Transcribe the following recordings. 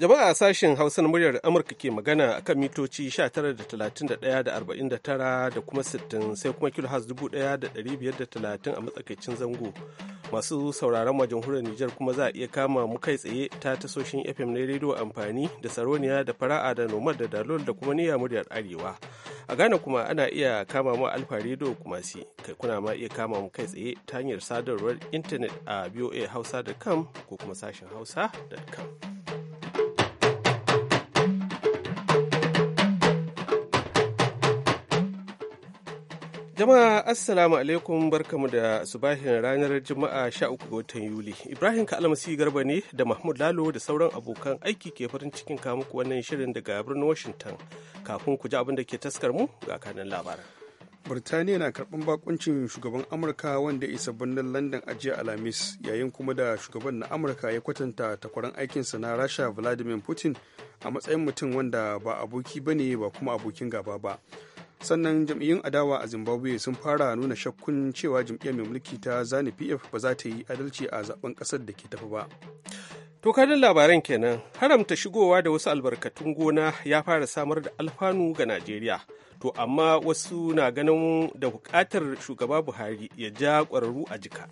a sashen Hausa na muryar Amurka ke magana a kan mitoci 19.31.49 da kuma 60 sai kuma kilohaz 1530 a matsakaicin zango. Masu sauraron ma jamhuriyar Nijar kuma za a iya kama mu kai tsaye ta tasoshin FM na rediyo amfani da Saroniya da Fara'a da Nomad da Dalol da kuma Niyya muryar Arewa. A Ghana kuma ana iya kama mu Alfa rediyo kuma si kai kuna ma iya kama mu kai tsaye ta hanyar sadarwar intanet a voahausa.com ko kuma sashen hausa.com. Jama'a Assalamu alaikum barkamu da subahin ranar Juma'a 13 ga watan Yuli. Ibrahim Kalmasi Garba ne da Mahmud Lalo da sauran abokan aiki ke farin cikin muku wannan shirin daga birnin Washington. Kafin ku ji abin da ke taskar mu ga kanin labaran. Birtaniya na karɓar bakuncin shugaban Amurka wanda isa birnin London a jiya Alhamis yayin kuma da shugaban na Amurka ya kwatanta takwaran aikinsa na Rasha Vladimir Putin a matsayin mutum wanda ba aboki bane ba kuma abokin gaba ba. sannan jam'iyyun adawa a zimbabwe sun fara nuna shakkun cewa jam'iyyar mai mulki ta zani pf ba za ta yi adalci a zaben kasar da ke tafi ba to kadin labaran kenan haramta shigowa da wasu albarkatun gona ya fara samar da alfanu ga najeriya to amma wasu na ganin da bukatar shugaba buhari ya ja kwararru a jika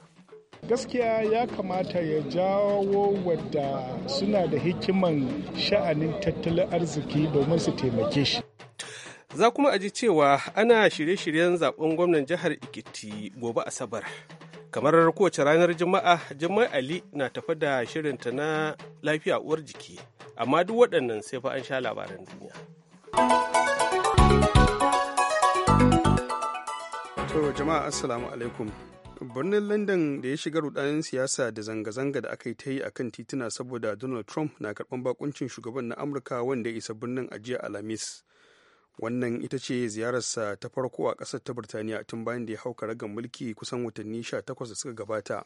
gaskiya ya kamata ya jawo wadda suna da hikiman sha'anin tattalin arziki domin su taimake shi za kuma a ji cewa ana shirye-shiryen zaɓen gwamnan jihar ikiti gobe asabar kamar kowace ranar juma'a jimai ali na tafa da shirinta na lafiya uwar jiki amma duk waɗannan sai fa an sha labaran duniya to jama'a assalamu alaikum birnin london da ya shiga rudanin siyasa da zanga-zanga da aka yi ta yi a kan tituna saboda donald trump na karɓar bakuncin shugaban na amurka wanda ya isa birnin a jiya alhamis wannan ita ce ziyararsa ta farko a ƙasar ta birtaniya tun bayan da ya hau karagar mulki kusan watanni 18 da suka gabata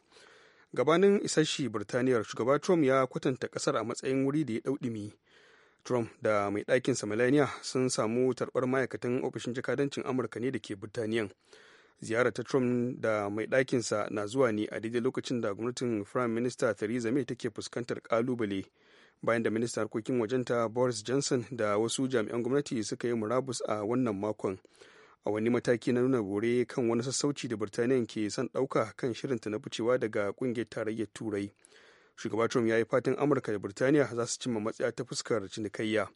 gabanin isashi birtaniyar shugaba trump ya kwatanta ƙasar a matsayin wuri da ya ɗauɗimi trump da mai ɗakinsa melania sun samu tarbar ma'aikatan ofishin jakadancin amurka ne da ke birtaniyan ziyarar ta trump da mai ɗakinsa na zuwa ne a daidai lokacin da gwamnatin prime minister theresa may take fuskantar ƙalubale bayan da ministan harkokin wajenta boris johnson da wasu jami'an gwamnati suka yi murabus a wannan makon a wani mataki na nuna bore kan wani sassauci da birtaniya ke son ɗauka kan shirinta na ficewa daga ƙungiyar tarayyar turai shugaba trump ya yi fatan amurka da birtaniya za su cimma matsaya ta fuskar cinikayya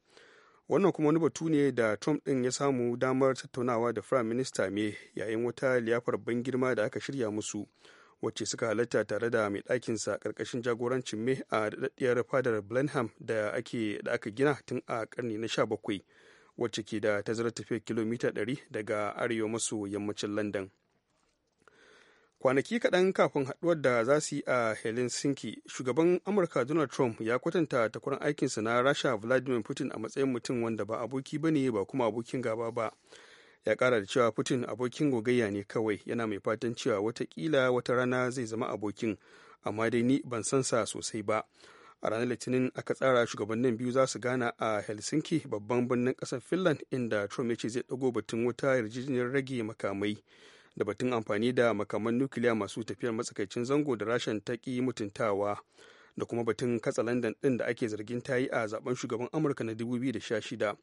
wannan kuma wani batu ne da trump ɗin ya samu damar tattaunawa da firayim minista me yayin wata liyafar ban girma da aka shirya musu wacce suka halatta tare da mai ɗakinsa ƙarƙashin jagorancin me a daɗaɗɗiyar fadar blenheim da ake aka gina tun a ƙarni na 17 wacce ke da tazarar tafiya kilomita 100 daga arewa maso yammacin london kwanaki kaɗan kafin haɗuwar da za su yi a helsinki shugaban amurka donald trump ya kwatanta takwarar aikinsa na rasha vladimir putin a matsayin mutum wanda ba aboki ba ne ba kuma abokin gaba ba ya kara da cewa putin abokin gogayya ne kawai yana mai fatan cewa watakila wata rana zai zama abokin amma dai ni ban san sa sosai ba a ranar litinin aka tsara shugabannin biyu za su gana a helsinki babban birnin kasar finland inda trump ya ce zai ɗago batun wuta yarjejeniyar rage makamai da batun amfani da makaman nukiliya masu tafiyar matsakaicin zango da rashin taki mutuntawa da kuma batun katsa landan ɗin da ake zargin ta yi a zaben shugaban amurka na 2016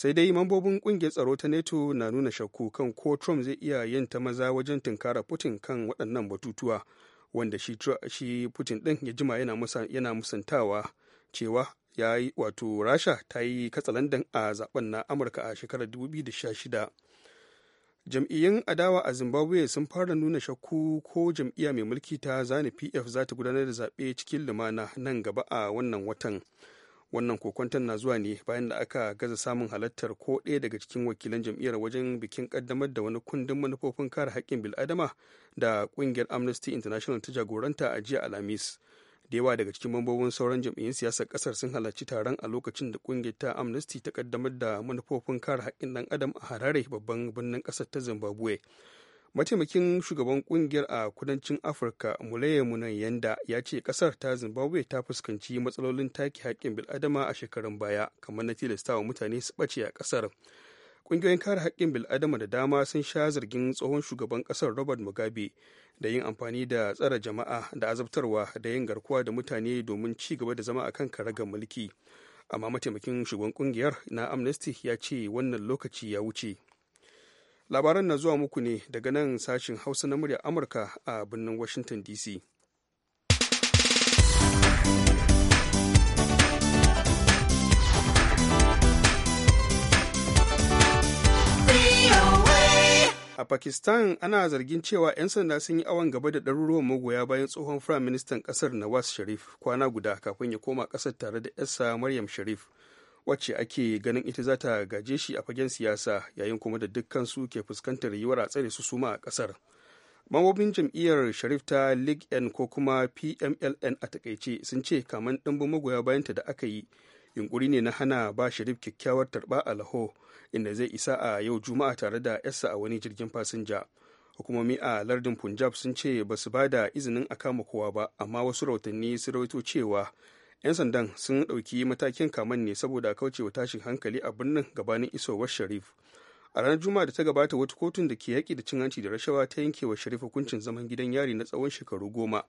sai dai mambobin kungiyar tsaro ta neto na nuna shakku kan ko trump zai iya yin ta maza wajen tunkara putin kan waɗannan batutuwa wanda shi, putin ɗin ya jima yana, yana musantawa cewa ya yi wato rasha ta yi katsalandan a zaben na amurka a shekarar 2016 jam'iyyun adawa a zimbabwe sun fara nuna shakku ko jam'iyya mai mulki ta zane pf za ta gudanar da zaɓe cikin lumana nan gaba a wannan watan. wannan kokwanton na zuwa ne bayan da aka gaza samun halartar ko ɗaya daga cikin wakilan jam'iyyar wajen bikin kaddamar da wani kundin manufofin kare haƙƙin bil'adama da ƙungiyar amnesty international ta jagoranta a jiya alhamis da yawa daga cikin mambobin sauran jam'iyyun siyasar ƙasar sun halarci taron a lokacin da ƙungiyar ta amnesty ta kaddamar da manufofin kare haƙƙin ɗan adam a harare babban birnin ƙasar ta zimbabwe mataimakin shugaban kungiyar a kudancin afirka mulaye munan yanda ya ce kasar ta zimbabwe ta fuskanci matsalolin taki haƙƙin bil'adama a shekarun baya kamar na tilasta wa mutane su ɓace a ƙasar ƙungiyoyin kare haƙƙin bil'adama da dama sun sha zargin tsohon shugaban ƙasar robert mugabe da yin amfani da tsara jama'a da azabtarwa da yin garkuwa da mutane domin ci gaba da zama akan karagar mulki amma mataimakin shugaban kungiyar na amnesty ya ce wannan lokaci ya wuce labaran na zuwa muku ne daga nan sashin hausa na murya amurka a birnin washington dc a pakistan ana zargin cewa 'yan sanda sun yi awon gaba da ɗaruruwan magoya bayan tsohon firaministan ministan ƙasar nawaz sharif kwana guda kafin ya koma ƙasar tare da 'yarsa maryam sharif wacce ake ganin ita za ta gaje shi a fagen siyasa yayin kuma da dukkan su ke fuskantar yiwuwar a tsare su suma a kasar mambobin jam'iyyar sharif ta league n ko kuma pmln a takaice sun ce kaman ɗimbin magoya bayanta da aka yi yunkuri ne na hana ba sharif kyakkyawar tarba a laho inda zai isa a yau juma'a tare da yasa a wani jirgin fasinja hukumomi a lardin punjab sun ce ba su ba da izinin a kama kowa ba amma wasu rahotanni sun rawaito cewa 'yan sandan sun ɗauki matakin kaman ne saboda kaucewa tashin hankali a birnin gabanin isowar sharif a ranar juma'a da ta gabata wata kotun da ke yaƙi da cin hanci da rashawa ta yanke wa sharif hukuncin zaman gidan yari na tsawon shekaru goma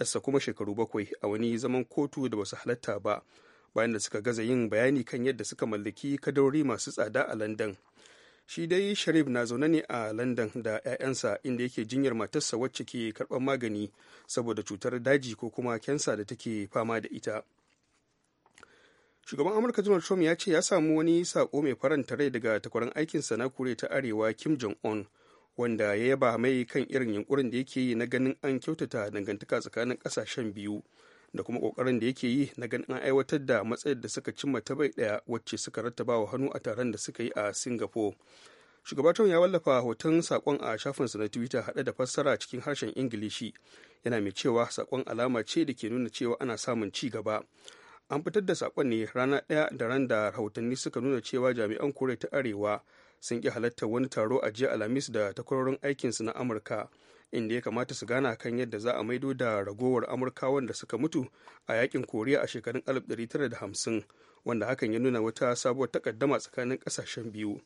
yasa kuma shekaru bakwai a wani zaman kotu da basu halatta ba bayan da suka gaza yin bayani kan yadda suka mallaki kadarori masu tsada a london shi dai sharif na zaune ne a london da 'ya'yansa inda yake jinyar matarsa wacce ke karɓar magani saboda cutar daji ko kuma kensa da take fama da ita shugaban amurka donald trump ya ce ya samu wani sako mai faranta rai daga takwarar aikinsa na kure ta arewa kim jong-un wanda ya yaba mai kan irin yunkurin da yake yi na ganin an kyautata dangantaka tsakanin kasashen biyu da kuma kokarin da yake yi na ganin an aiwatar da matsayar da suka cimma ta bai daya wacce suka rattaba wa hannu a taron da suka yi a singapore shugaba trump ya wallafa hoton sakon a shafinsa na twitter hade da fassara cikin harshen ingilishi yana mai cewa sakon alama ce da ke nuna cewa ana samun ci gaba an fitar da sakon ne rana daya da ran da rahotanni suka nuna cewa jami'an kore ta arewa sun ki halatta wani taro a jiya alhamis da takwarorin aikinsu na amurka inda ya kamata su gana kan yadda za a maido da ragowar amurka wanda suka mutu a yakin koriya a shekarun 1950 wanda hakan ya nuna wata sabuwar takaddama tsakanin kasashen biyu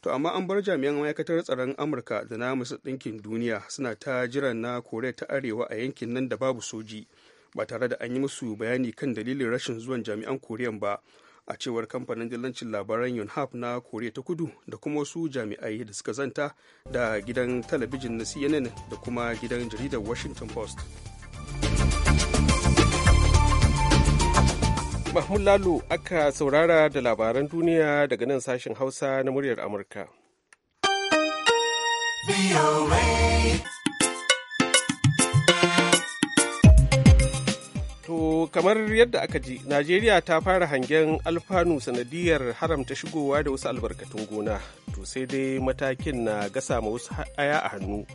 to amma an bar jami'an ma'aikatar tsaron amurka da na musu ɗinkin duniya suna ta jiran na koriya ta arewa a yankin nan da babu soji ba tare da an yi musu bayani kan dalilin rashin zuwan jami'an koriyan ba a cewar kamfanin dillancin labaran yunhap na koriya ta kudu da kuma wasu jami'ai da suka zanta da gidan talabijin na cnn da kuma gidan jaridar washington post mahmud lalo aka saurara da labaran duniya daga nan sashen hausa na muryar amurka To kamar yadda aka ji, Najeriya ta fara hangen alfanu sanadiyar haramta shigowa da wasu albarkatun gona, to sai dai matakin na gasa ma wasu aya a hannu.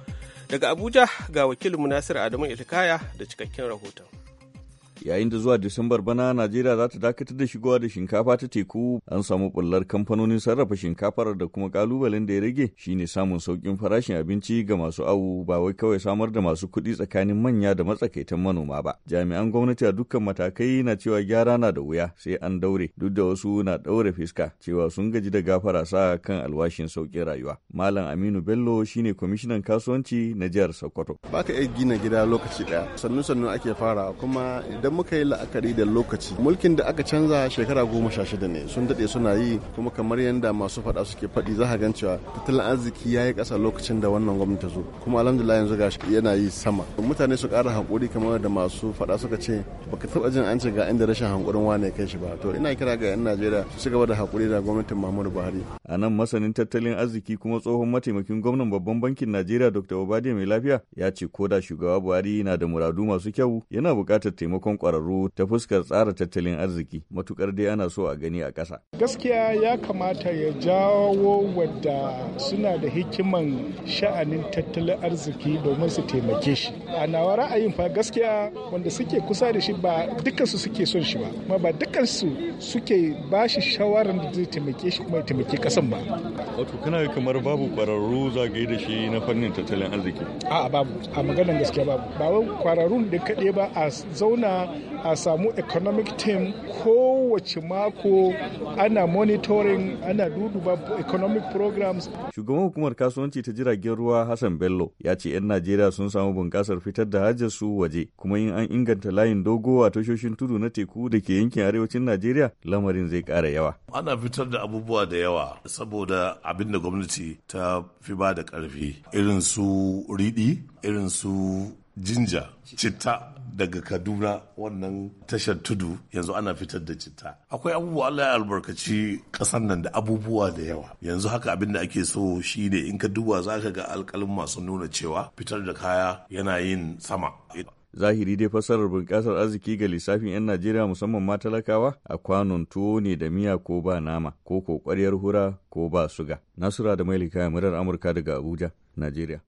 Daga Abuja ga wakilin nasiru Adamu Itakaya da cikakken rahoton. yayin da zuwa disambar bana najeriya za ta dakatar da shigowa da shinkafa ta teku an samu bullar kamfanonin sarrafa shinkafar da kuma kalubalen da ya rage shine samun saukin farashin abinci ga masu awu ba wai kawai samar da masu kuɗi tsakanin manya da matsakaitan manoma ba jami'an gwamnati a dukkan matakai na cewa gyara na da wuya sai an daure duk da wasu na daure fiska cewa sun gaji da gafara sa kan alwashin sauƙin rayuwa malam aminu bello shine kwamishinan kasuwanci na jihar sokoto baka iya gina gida lokaci daya sannu sannu ake fara kuma idan idan muka yi la'akari da lokaci mulkin da aka canza shekara goma sha shida ne sun daɗe suna yi kuma kamar yadda masu faɗa suke faɗi za a gan cewa tattalin arziki ya yi ƙasa lokacin da wannan gwamnati zo kuma alhamdulillah yanzu ga yana yi sama mutane su ƙara haƙuri kamar da masu faɗa suka ce baka taɓa jin an ce ga inda rashin haƙurin wane kai shi ba to ina kira ga 'yan najeriya su gaba da haƙuri da gwamnatin muhammadu buhari a nan masanin tattalin arziki kuma tsohon mataimakin gwamnan babban bankin najeriya dr obade mai lafiya ya ce ko da shugaba buhari na da muradu masu kyau yana buƙatar taimakon kwararru ta fuskar tsara tattalin arziki matukar dai ana so a gani a ƙasa. Gaskiya ya kamata ya jawo wadda suna da hikiman sha'anin tattalin arziki domin su taimake shi. A nawa ra'ayin fa gaskiya wanda suke kusa da shi ba su suke son shi ba, kuma ba su suke ba shi shawarar da zai taimake shi kuma ya taimake ƙasan ba. Wato kana kamar babu kwararru zagaye da shi na fannin tattalin arziki. A'a babu, a maganar gaskiya babu. Ba wai kwararrun da kaɗai ba a zauna a samu economic team kowace mako ana monitoring ana duduba economic programs shugaban hukumar kasuwanci ta jiragen ruwa hassan bello ya ce 'yan najeriya sun samu bunƙasar fitar da su waje kuma in an inganta layin dogo a tashoshin tudu na teku da ke yankin arewacin najeriya lamarin zai ƙara yawa ana fitar da abubuwa da yawa saboda abin da gwamnati ta fi ba da ƙarfi irin su riɗi irin su jinja citta daga kaduna wannan tashar tudu yanzu ana fitar da citta akwai abubuwa allah ya albarkaci kasan nan da abubuwa da yawa yanzu haka abin da ake so shine in ka duba za ka ga alkalin masu nuna cewa fitar da kaya yana yin sama zahiri dai fassarar bunƙasar arziki ga lissafin 'yan Najeriya musamman ma talakawa a kwanon tuwo ne da miya ko ba nama ko ko hura ko ba suga. Nasura da Mailika murar Amurka daga Abuja, Najeriya.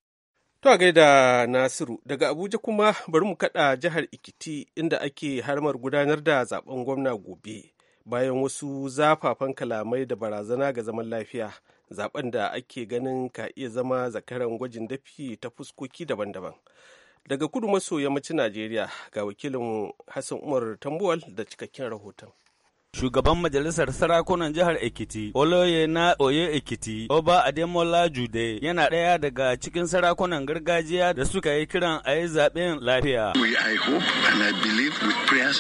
To a gaida Nasiru daga Abuja kuma bari mu kada jihar Ikiti inda ake harmar gudanar da zaben gwamna gobe bayan wasu zafafan kalamai da barazana ga zaman lafiya zaben da ake ganin ka iya zama zakaran gwajin dafi ta fuskoki daban-daban. Daga kudu maso yammacin Najeriya ga wakilin Hassan Umar Tambuwal da cikakken rahoton. Shugaban majalisar sarakunan jihar Ekiti, Oloye na Oye Ekiti, Oba Ademola Jude, yana ɗaya daga cikin sarakunan gargajiya da suka yi kiran a yi zaɓen lafiya.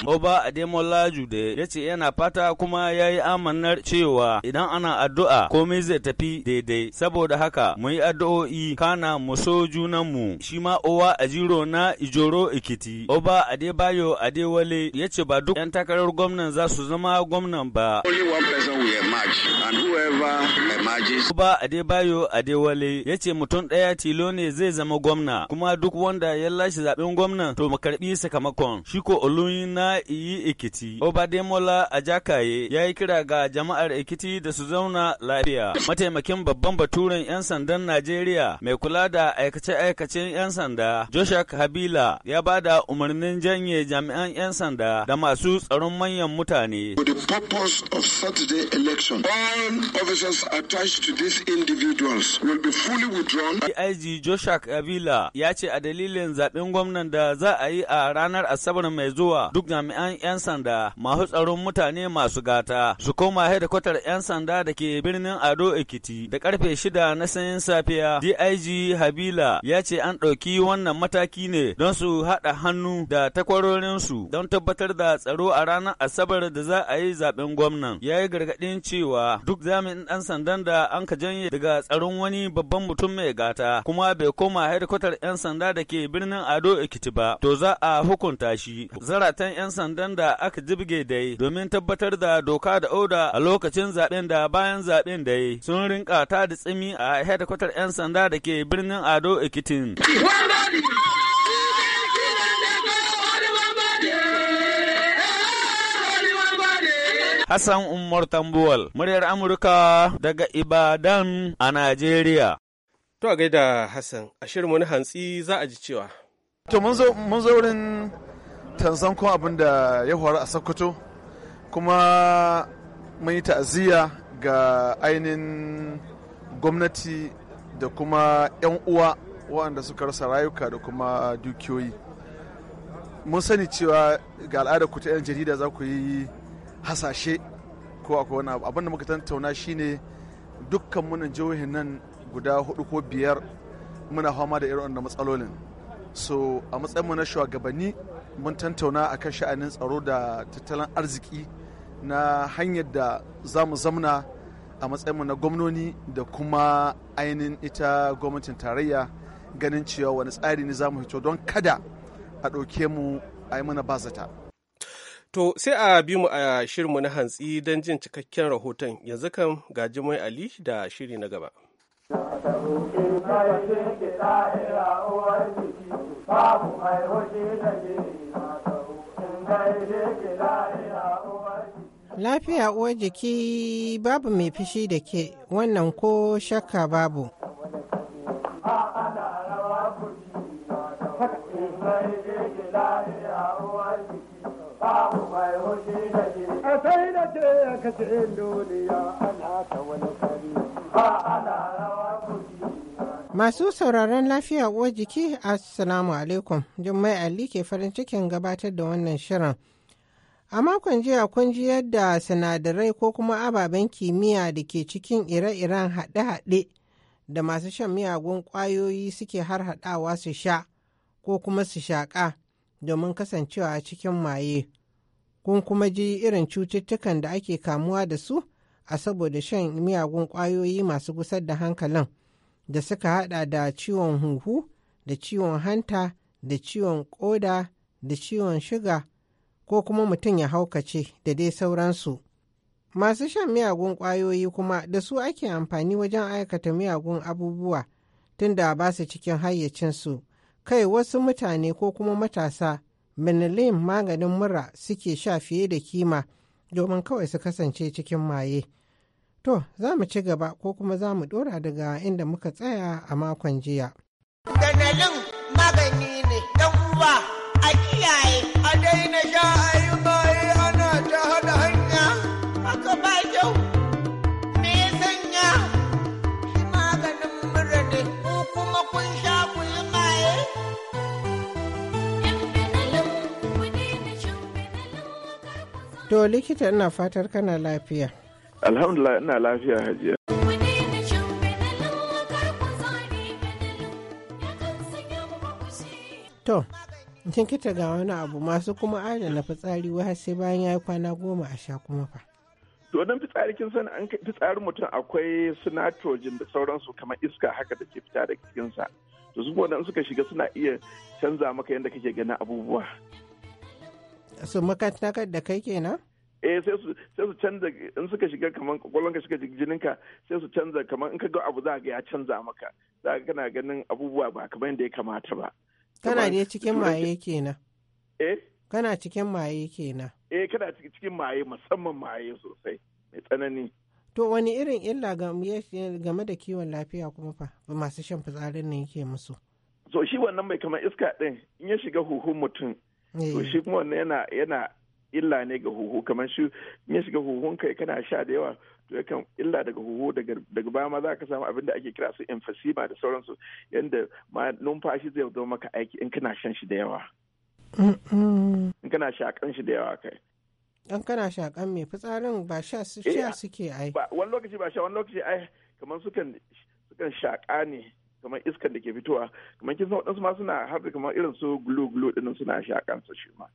Oba Ademola Jude ya ce yana fata kuma ya yi amanar cewa idan ana addu'a komai zai tafi daidai, saboda haka mu yi addu'o'i kana mu so junanmu. Shi ma Owa Ajiro na Ijoro Ekiti, Oba Adebayo Adewale ya ce ba duk 'yan takarar gwamnan za su zama gwamnan ba. Ba Adebayo Adewale ya ce mutum ɗaya tilo ne zai zama gwamna kuma duk wanda ya lashe zaɓen gwamnan to makarɓi sakamakon. ko Oluyin na iyi Ekiti. Obademola Ajakaye ya yi kira ga jama'ar Ekiti da su zauna lafiya. Mataimakin babban baturen 'yan sandan Najeriya mai kula da aikace-aikacen 'yan sanda Joshak Habila ya ba da umarnin janye jami'an 'yan sanda da masu tsaron manyan mutane. the purpose of Saturday election. All officers attached to these individuals will be fully withdrawn. IG Joshua Kabila ya ce a dalilin zaɓen gwamnan da za a yi a ranar Asabar mai zuwa duk jami'an 'yan sanda masu tsaron mutane masu gata su koma hedikwatar 'yan sanda da ke birnin Ado Ekiti da karfe shida na sanyin safiya. DIG Habila ya ce an ɗauki wannan mataki ne don su haɗa hannu da takwarorinsu don tabbatar da tsaro a ranar Asabar da za a yi yi zaben gwamnan ya yi gargaɗin cewa duk jami'in ɗan sandan da an ka janye daga tsaron wani babban mutum mai gata kuma bai koma hedkwatar 'yan sanda da ke birnin Ado Ekiti ba to za a hukunta shi. Zaratan 'yan sandan da aka jibge dai domin tabbatar da doka da oda a lokacin zaben da bayan zaben dai sun rinka ta da tsimi a hedkwatar 'yan sanda da ke birnin Ado Ekitin. Hassan Umar Tambuwal, muryar Amurka daga Ibadan a Najeriya. To a gaida Hassan, a shirin wani hantsi za a ji cewa. To mun zo wurin Tanzan kuma abin da ya faru a Sokoto, kuma mun yi ta'aziyya ga ainihin gwamnati da kuma 'yan uwa waɗanda suka rasa rayuka da kuma dukiyoyi. Mun sani cewa ga al'adar ku ta 'yan jarida za ku yi hasashe ko akwai wani abu abinda muka tattauna shine dukkan munan jihohin nan guda hudu ko biyar muna fama da irin matsalolin so a matsayin mu na shugabanni mun a kan sha'anin tsaro da tattalin arziki na hanyar da za mu zamna a matsayin mu na gwamnoni da kuma ainihin ita gwamnatin tarayya ganin cewa wani tsari ne za mu fito don kada a ɗauke mu a yi mana bazata. To sai a bi mu a shirinmu na hantsi don jin cikakken rahoton yanzu kan gaji mai Ali da shiri na gaba. Lafiya uwar jiki babu mai fishi da ke wannan ko shakka babu. Masu sauraron lafiya uwar jiki, Assalamu alaikum, Jummai Ali ke farin cikin gabatar da wannan shirin. A makon jiya kun ji yadda sinadarai ko kuma ababen kimiyya da ke cikin ire-iren haɗe-haɗe da masu shan miyagun ƙwayoyi suke har haɗawa su sha ko kuma su shaƙa domin kasancewa cikin maye. kun kuma ji irin cututtukan da ake kamuwa da su a saboda shan miyagun ƙwayoyi masu gusar da hankalin da suka hada da ciwon huhu da ciwon hanta da ciwon ƙoda da ciwon shiga ko kuma mutum ya haukace da dai sauransu. Masu shan miyagun ƙwayoyi kuma da su ake amfani wajen aikata miyagun abubuwa tunda ba su cikin hayyacinsu, kai wasu mutane ko kuma matasa benelin maganin mura suke sha fiye da kima domin kawai su kasance cikin maye. To, za mu ci gaba ko kuma za mu ɗora daga inda muka tsaya a makon jiya. Benelin magani ne, uwa a kiyaye, a daina sha To likita ina fatar kana lafiya. Alhamdulillah ina lafiya hajiya. To, kita ga wani abu masu kuma adana fitsari wai sai bayan ya yi kwana goma a sha kuma fa. Donin fitsari kin san an fitsarin mutum akwai su nitrogen da sauransu kamar iska haka da ke fita da cikinsa. To su suka shiga suna iya canza maka yadda kake ganin abubuwa. su makatakar da kai kenan eh sai su sai su canza in suka shiga kaman ka shiga jinin ka sai su canza kaman in ka ga abu za ga ya canza maka za ka kana ganin abubuwa ba kamar yadda ya kamata ba kana ne cikin maye kenan eh kana cikin maye kenan eh kana cikin maye musamman maye sosai mai tsanani to wani irin illa game da kiwon lafiya kuma fa masu shan fitsarin ne yake musu so shi wannan mai kamar iska din in ya shiga huhun mutum to eh. shi kuma wannan yana yana illa ne ga huhu kamar shi ne shiga huhun kai kana sha da yawa to yakan illa daga huhu daga baya ma za ka samu abin da ake kira su emphysema da sauransu yadda ma numfashi zai zo maka aiki in kana shan shi da yawa in kana shakan shi da yawa kai in kana shakan mai fitsarin ba sha eh, suke ai wani lokaci ba sha wani lokaci ai kamar sukan sukan shaka ne kamar iskar da ke fitowa kamar kin san waɗansu ma suna har kamar irin su glue glue ɗin suna shakan kansa shi ma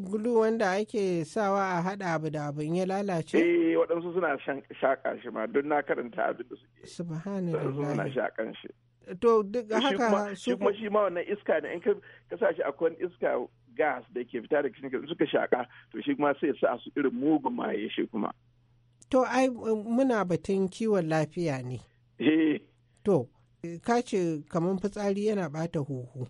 gulu wanda ake sawa a haɗa abu da abin ya lalace? Eh waɗansu suna shaƙa shi ma don na karanta abin da suke. Subhanallah. Suna shaƙan shi. To duk haka su kuma shi ma wannan iska ne in ka sa shi akwai iska gas da ke fita da kishin suka shaƙa to shi kuma sai sa su irin mugun maye shi kuma. To ai muna batun kiwon lafiya ne. Eh. To ka ce kamar fitsari yana bata huhu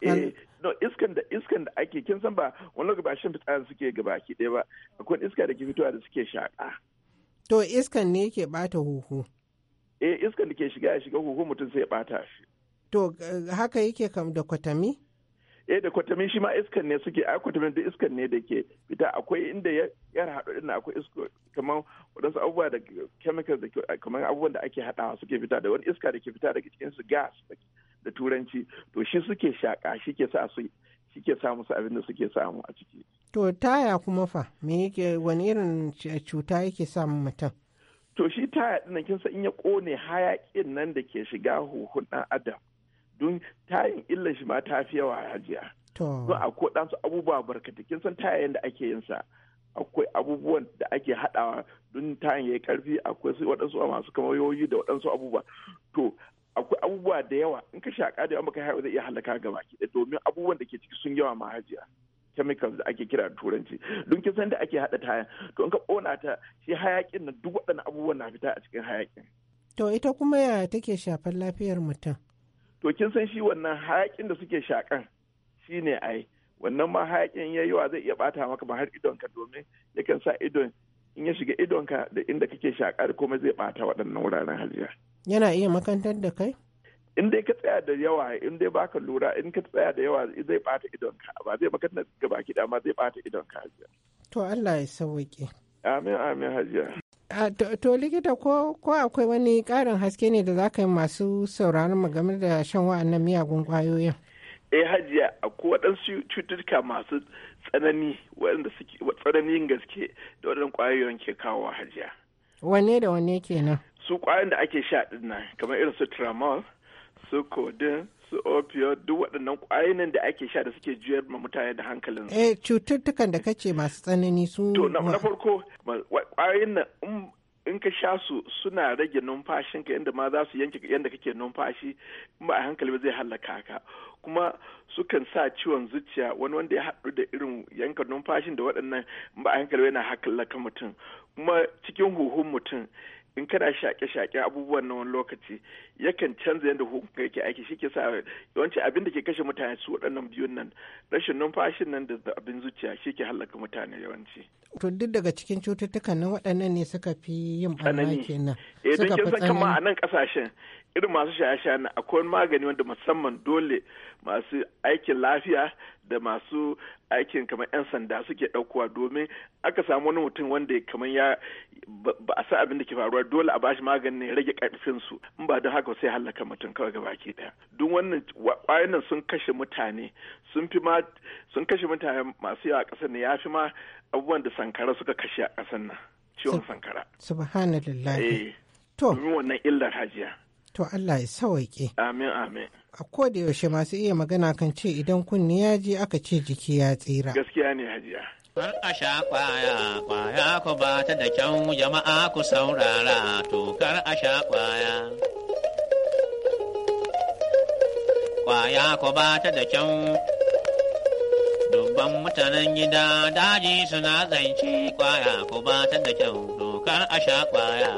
eh, no iskan da iskan da ake kin san ba wani lokaci ba shin fitsarin suke gaba ki ɗaya ba akwai iska da ke fitowa da suke shaƙa to iskan ne yake bata huhu eh iskan da ke shiga ya shiga huhu mutum sai ya bata shi to eh, haka yake kam da kwatami eh da kwatamin shi ma iskan ne suke ai kwatamin da iskan ne da ke fita akwai inda ya haɗu din akwai isko kamar wadansu abubuwa da chemicals da kamar abubuwan da ake haɗawa suke fita da wani iska da ke fita daga cikin su gas da turanci to shi suke shaka shi ke sa su shi ke sa musu abin da suke samu a ciki to taya kuma fa me yake wani irin cuta yake samun mutum to shi taya din kin in ya kone hayakin nan da ke shiga huhun dan adam don tayin illar shi ma ta fi yawa a hajiya don akwai ɗansu abubuwa barkatakin san tayayen da ake yin sa akwai abubuwan da ake haɗawa don tayin ya yi ƙarfi akwai su waɗansu masu kamar yoyi da waɗansu abubuwa to akwai abubuwa da yawa in ka shaƙa da yawa maka haihu zai iya halaka gaba ki domin abubuwan da ke ciki sun yawa ma hajiya chemicals da ake kira turanci don kin san da ake haɗa taya to in ka kona ta shi hayakin na duk waɗannan abubuwan na fita a cikin hayakin to ita kuma ya take shafar lafiyar mutum to kin san shi wannan hayakin da suke shakan shine ai wannan ma hayakin ya yiwa zai iya bata maka ba har idonka domin yakan sa idon in ya shiga idonka da inda kake shakar kuma zai bata waɗannan wuraren hajiya. Yana iya makantar da kai? In dai ka tsaya da yawa in dai baka lura in ka tsaya da yawa zai bata idonka ba zai makantar gaba ki ma zai bata idonka hajiya. To Allah ya sauwaƙe. Amin amin hajiya. to likita ko akwai wani ƙarin haske ne da za ka yi masu sauraron game da shan wa'annan miyagun ƙwayoyin eh hajiya akwai waɗansu cututtuka masu tsanani waɗanda suke tsananin gaske da waɗannan ƙwayoyin ke kawo hajiya wanne da wanne kenan su kwayoyin da ake sha ɗin nan kamar irin su tramol su codeine su opioid duk waɗannan ƙwayoyin da ake sha da suke juyar ma mutane da hankalin Eh cututtukan da kace masu tsanani su. To na farko ƙwayoyin nan in ka sha su suna rage numfashinka yadda ma za su yanke yadda kake numfashi ba a hankali ba zai hallaka ka kuma sukan sa ciwon zuciya wani wanda ya haɗu da irin yanka numfashin da waɗannan ba a hankali yana hallaka mutum kuma cikin huhun mutum in kana shaƙe-shaƙe abubuwan na wani lokaci yakan canza yadda hukunka yake aiki shi ke sa yawanci abin da ke kashe mutane su waɗannan biyun nan rashin numfashin nan da abin zuciya shi ke hallaka mutane yawanci. to duk daga cikin cututtukan nan waɗannan ne suka fi yin ɓarna kenan. eh don kin san kama a nan ƙasashen irin masu shaye-shaye akwai magani wanda musamman dole masu aikin lafiya da masu aikin kamar 'yan sanda suke ɗaukowa domin aka samu wani mutum wanda kamar ya ba a sa abin da ke faruwa dole a bashi maganin ne rage karfin su in ba don haka sai halaka mutum kawai baki daya duk wannan kwayoyin sun kashe mutane sun fi ma sun kashe mutane masu yawa a ƙasar ne ya fi ma abubuwan da sankara suka kashe a ƙasar nan ciwon sankara subhanallah eh. to wannan illar hajiya to Allah ya sawaike amin amin a koda yaushe masu iya magana kan ce idan kunni ya ji aka ce jiki ya tsira gaskiya ne hajiya Har a sha kwaya, kwaya ku ba ta da kyau jama'a ku saurara, to kar a sha kwaya. Kwaya ku ba ta da kyau dubban mutanen gida daji suna zance kwaya ko ba ta da kyau dokar a sha kwaya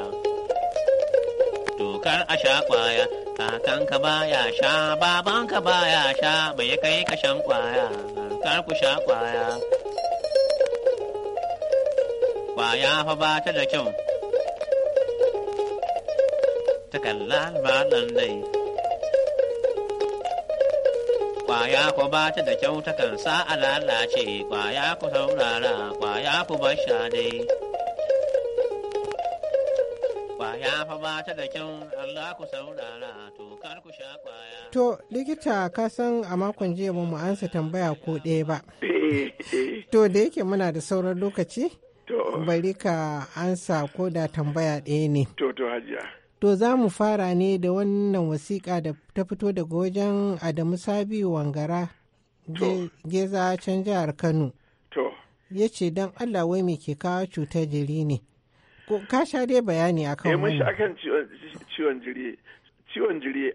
dokar a sha kwaya kakanka baya sha babanka baya sha bai kai ka shan kwaya kar ku sha kwaya kwaya fa ba ta da kyau ta kalla nan dai kwaya ku ba ta da kyau ta kan sa a lalace kwaya ku saurara kwaya ku bar sha dai fa ba to likita ka san a makon jiya ba mu ansa tambaya ko ɗaya ba. To da yake muna da sauran lokaci? Bari ka ansa ko da tambaya ɗaya ne. To to hajiya. To za mu fara ne da wannan wasiƙa da ta fito daga wajen Adamu Sabi Wangara. Geza can jihar Kano. To. Ya ce don Allah wai me ke kawo cutar jiri ne. ko ka sha dai bayani akan kan eh, mun sha akan ciwon jiri ciwon jiri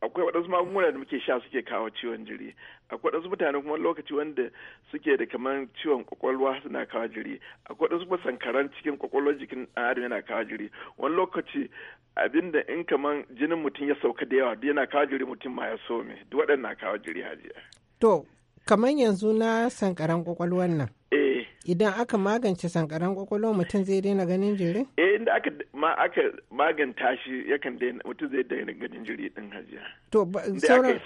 akwai waɗansu magunguna da muke sha suke kawo ciwon jiri akwai waɗansu mutane kuma lokaci wanda suke da kamar ciwon kwakwalwa suna kawo jiri akwai waɗansu kuma sankaran cikin kwakwalwa jikin ɗan adam yana kawo jiri wani lokaci abinda in kamar jinin mutum ya sauka da yawa yana kawo jiri mutum ma ya so me duk waɗannan kawo jiri hajiya. to kamar yanzu na sankaran kwakwalwan nan idan aka magance sankaran kwakwalwa mutum zai daina ganin jiri? eh inda aka ma aka maganta shi yakan daina mutum zai daina ganin jiri din hajiya to sauran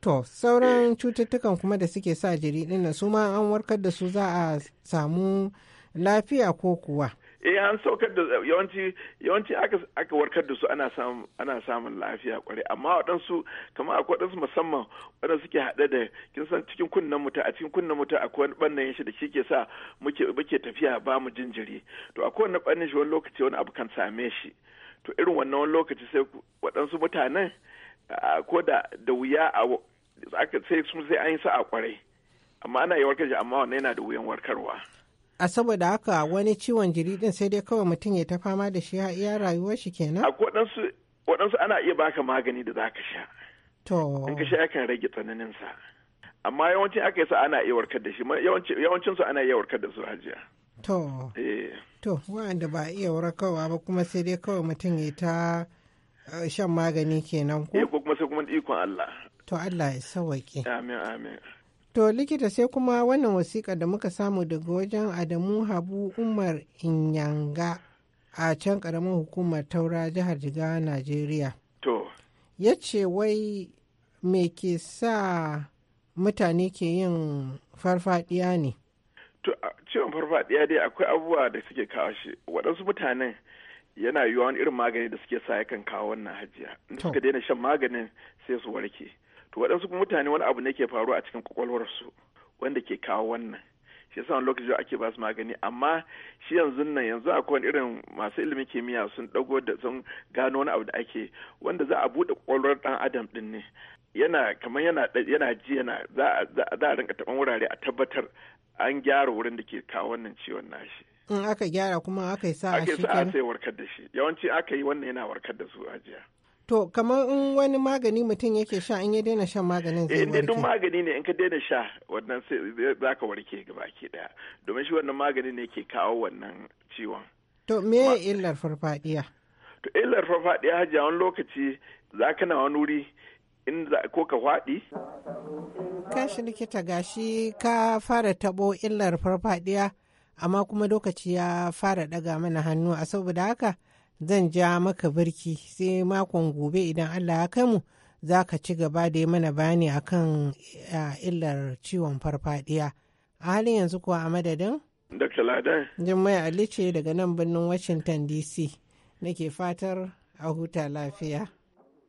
to sauran eh. cututtukan kuma da suke sa jiri din su ma an warkar da su za a samu lafiya ko kuwa eh an saukar da yawanci yawanci aka aka warkar da su ana samun ana samun lafiya kwarai amma waɗansu kamar akwai waɗansu musamman waɗanda suke haɗe da kin san cikin kunnen mutum a cikin kunnen mutum akwai wani ɓannan shi da shi ke sa muke muke tafiya ba mu jinjiri to akwai wani ɓannan shi wani lokaci wani abu kan same shi to irin wannan wani lokaci sai waɗansu mutanen ah, ko da da wuya a sai sun sai an yi sa'a kwarai amma ana yi warkar amma wannan yana da wuyan warkarwa a saboda haka wani ciwon jiri din sai dai kawai mutum ya ta fama da shi iya rayuwar shi kenan waɗansu waɗansu ana iya baka magani da zaka sha to in ka sha yakan rage tsananin sa amma yawancin aka yi sa ana iya warkar da shi yawancin su ana iya warkar da su hajiya to eh. to wa'anda ba iya warkarwa ba kuma sai dai kawai mutum ya ta eh, shan magani kenan ko eh, ko kuma sai kuma ikon Allah to Allah ya sauke amin amin To likita sai kuma wannan wasiƙa da muka samu daga wajen Adamu Habu Umar Inyanga a can ƙaramin hukumar Taura jihar Jigawa Najeriya. To. Ya ce wai me ke sa mutane ke yin farfadiya ne? To ciwon farfadiya dai akwai abubuwa da suke kawo shi. Waɗansu mutanen yana yiwuwa wani irin magani da suke sa yakan kawo wannan hajiya. Suka daina shan maganin sai su warke. to waɗansu mutane wani abu ne ke faruwa a cikin kwakwalwarsu wanda ke kawo wannan shi yasa wani lokaci ake ba su magani amma shi yanzu nan yanzu akwai irin masu ilimin kimiyya sun dago da sun gano wani abu da ake wanda za a buɗe kwakwalwar ɗan adam ɗin ne yana kamar yana yana ji yana za a rinka taɓan wurare a tabbatar an gyara wurin da ke kawo wannan ciwon nashi in aka gyara kuma aka yi a shi kenan aka yi sai warkar da shi yawanci aka yi wannan yana warkar da su ajiya To kamar in wani magani mutum yake sha in ya daina shan maganin zai eh, warke. duk magani ne in ka daina sha wannan za ka warke ke daya. Domin shi wannan magani ne ke kawo wannan ciwon. To me illar farfadiya? To illar farfadiya hajji wani lokaci za ka na wani wuri in ko ka faɗi? Kashi likita gashi ka fara tabo illar farfadiya amma kuma lokaci ya fara daga mana hannu a saboda haka zan ja maka birki sai makon gobe idan allah ya kai mu za ka ci gaba da yi mana bayani kan illar ciwon farfadiya a halin yanzu kuwa a madadin dr ladan ali ce daga nan birnin washington dc nake fatar a huta lafiya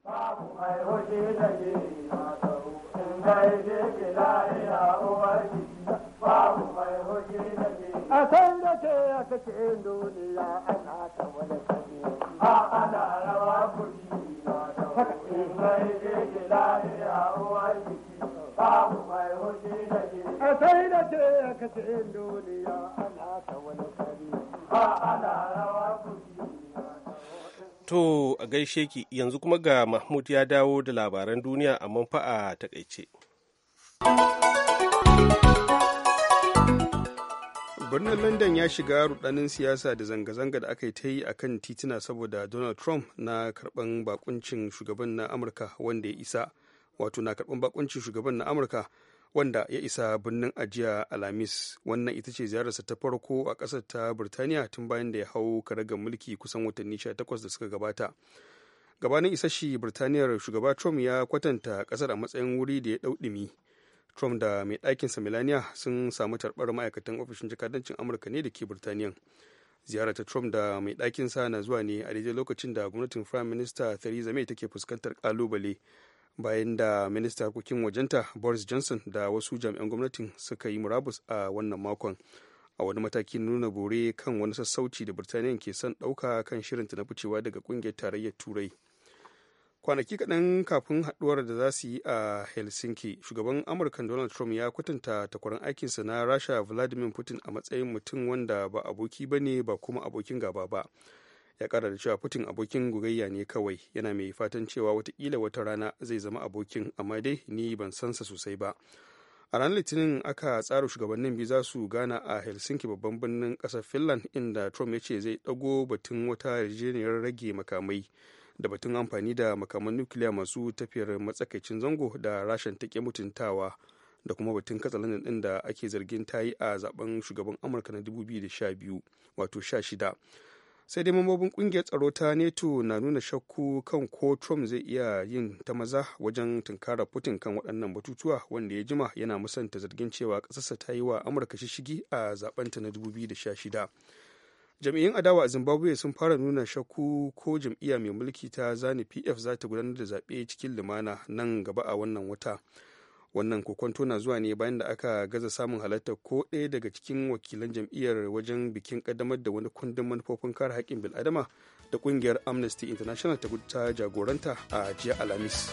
Babu mai hoji da ke mata, ke a kan da ke ya kace duniya ana ta wani kare a ana rawa kuri na da wani mai ke lafiya uwar jiki babu mai hoji da ke a kai da ke ya kace duniya ana ta wani kare a ana rawa kuri To a gaishe ki yanzu kuma ga Mahmud ya dawo da labaran duniya amma fa a takaice. birnin london ya shiga rudanin siyasa da zanga-zanga da aka yi ta yi a kan tituna saboda donald trump na karban bakuncin shugaban na amurka wanda ya isa wato na karban bakuncin shugaban na amurka wanda ya isa birnin ajiya alhamis wannan ita ce ziyararsa ta farko a ƙasar ta birtaniya tun bayan da ya hau karagar mulki kusan watanni 18 da suka gabata gabanin isashi birtaniyar shugaba trump ya kwatanta ƙasar a matsayin wuri da ya ɗau ɗumi trump da mai ɗakinsa melania sun samu tarbar ma'aikatan ofishin jakadancin amurka ne da ke birtaniya ziyarar ta trump da mai ɗakinsa na zuwa ne a daidai lokacin da gwamnatin prime minister theresa may take fuskantar kalubale bayan da minista harkokin wajenta boris johnson da wasu jami'an gwamnatin suka yi murabus a wannan makon a wani mataki nuna bore kan wani sassauci da birtaniya ke son ɗauka kan shirinta na ficewa daga ƙungiyar tarayyar turai kwanaki kaɗan kafin haɗuwar da za su yi a helsinki shugaban amurka donald trump ya kwatanta takwaran aikinsa na rasha vladimir putin a matsayin mutum wanda ba aboki ba ne ba kuma abokin gaba ba ya ƙara da cewa putin abokin gugayya ne kawai yana mai fatan cewa watakila wata rana zai zama abokin amma dai ni ban sansa sosai ba a ranar litinin aka tsara shugabannin biyu za su gana a helsinki babban birnin ƙasar finland inda trump ya ce zai ɗago batun wata yarjejeniyar rage makamai da batun amfani da makaman nukiliya masu tafiyar matsakaicin zango da rashin take mutuntawa da kuma batun katsalandan din da ake zargin ta yi a zaben shugaban amurka na 2012 wato 16 sai dai mambobin kungiyar tsaro ta neto na nuna shakku kan ko trump zai iya yin ta maza wajen tunkara putin kan waɗannan batutuwa wanda ya jima yana musanta zargin cewa ƙasarsa ta yi wa amurka shishigi a zaben ta na 2016 jam'iyyun adawa a zimbabwe sun fara nuna shakku ko jam'iyya mai mulki ta zani pf za ta gudanar da zaɓe cikin lumana nan gaba a wannan wata wannan kokwanto na zuwa ne bayan da aka gaza samun halartar ko ɗaya daga cikin wakilan jam'iyyar wajen bikin ƙaddamar da wani kundin manufofin kare haƙƙin bil'adama da ƙungiyar amnesty international ta jagoranta a jiya alhamis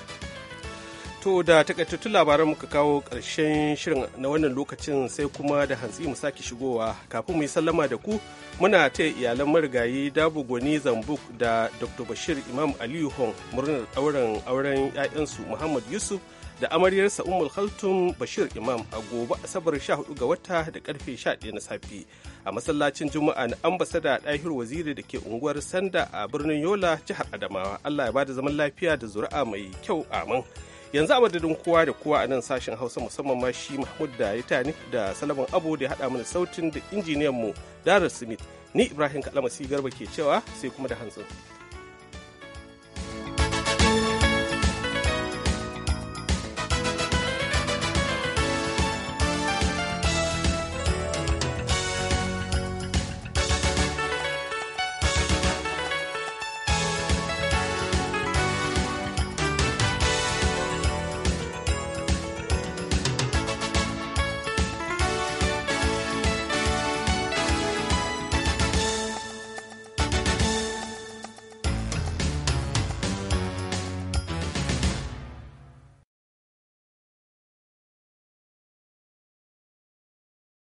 To da takaitattun labaran muka kawo ƙarshen shirin na wannan lokacin sai kuma da hantsi mu sake shigowa kafin mu yi sallama da ku muna ta iyalan marigayi Dabu Goni Zambuk da Dr. Bashir Imam Aliyu Hong murnar auren auren 'ya'yansu Muhammad Yusuf da amaryarsa Ummul Khaltum Bashir Imam a gobe Asabar 14 ga wata da karfe 11 na safi, a masallacin Juma'a na ambasada Dahir Waziri da ke unguwar Sanda a birnin Yola jihar Adamawa. Allah ya bada zaman lafiya da zuri'a mai kyau amin. yanzu a madadin kowa da kowa a nan sashen hausa musamman ma shi mahmud da ya tani da salaman abu da ya haɗa mana sautin da injiniyan mu darar smith ni ibrahim kalamasi garba ke cewa sai kuma da hantsin.